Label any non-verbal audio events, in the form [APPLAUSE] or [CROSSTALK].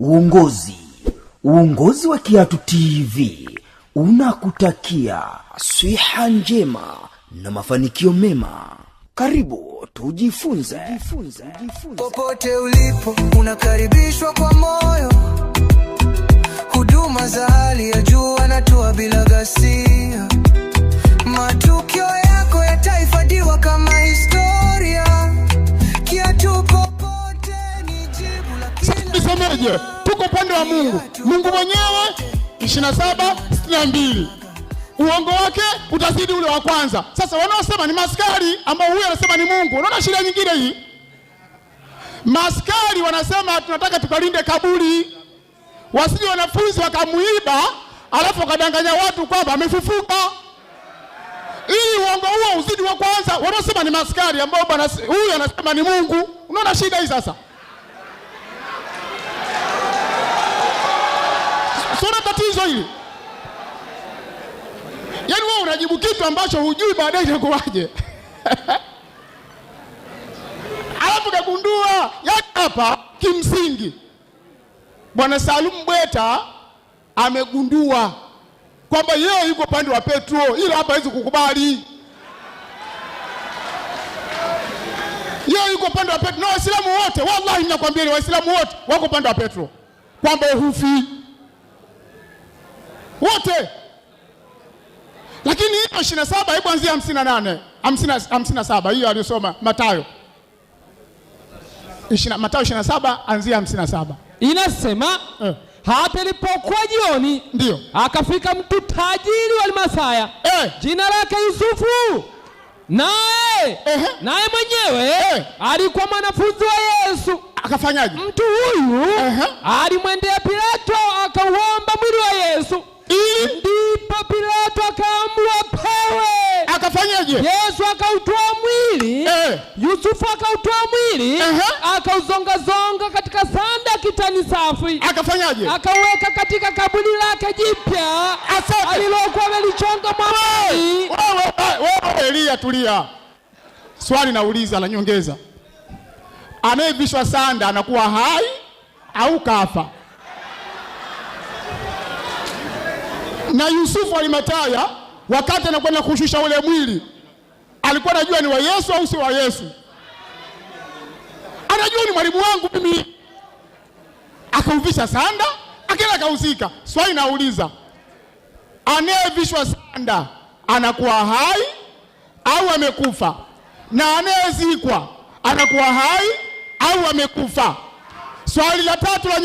Uongozi. Uongozi wa Kiatu TV unakutakia swiha njema na mafanikio mema. Karibu tujifunze. Popote ulipo, unakaribishwa kwa moyo. Huduma za hali ya juu, anatoa bila ghasia. Tusomeje? Tuko upande wa Mungu. Mungu mwenyewe 27 62. Uongo wake utazidi ule wa kwanza. Sasa wanaosema ni maskari ambao huyu anasema ni Mungu. Unaona shida nyingine hii? Maskari wanasema tunataka tukalinde kaburi, wasije wanafunzi wakamuiba, alafu wakadanganya watu kwamba amefufuka, ili uongo huo uzidi wa kwanza. Wanaosema ni maskari ambao bwana huyu anasema ni Mungu. Unaona shida hii sasa? Siona tatizo hili. Yaani wewe unajibu kitu ambacho hujui baadaye itakuwaje. [LAUGHS] Alafu kagundua yani hapa kimsingi Bwana Salum Bweta amegundua kwamba yeye yuko upande wa Petro, ila hapa hawezi kukubali. Yeye yuko upande wa Petro na no, Waislamu wote, wallahi ninakwambia, Waislamu wote wako upande wa Petro kwamba hufi wote, lakini hiyo ishirini na saba hebu anzia hamsini na nane hamsini na saba hiyo aliyosoma Mathayo Mathayo ishirini na saba anzia hamsini na saba inasema eh. Hata ilipokuwa jioni, ndio akafika mtu tajiri wa Almasaya eh. jina lake Yusufu, naye eh. naye mwenyewe eh. alikuwa mwanafunzi wa Yesu. Akafanyaje? Mtu huyu eh. alimwendea Pilato akauomba mwili wa Yesu ndipo Pilato akaamua pewe. Akafanyaje? Yesu akautoa mwili eh. Yusufu akautoa mwili uh-huh. Akauzongazonga katika sanda kitani safi. Akafanyaje? Akaweka katika kabuli lake jipya alilokuwa amelichonga mwamani. Wewe wewe, Elia, tulia. Swali nauliza nanyongeza nyongeza, anayevishwa sanda anakuwa hai au kafa? na Yusufu Alimataya wakati anakwenda kushusha ule mwili alikuwa anajua ni wa Yesu au si wa Yesu? Anajua ni mwalimu wangu mimi. Akauvisha sanda, akaenda akahusika. Swali nauliza, anayevishwa sanda anakuwa hai au amekufa? Na anayezikwa anakuwa hai au amekufa? Swali la tatu la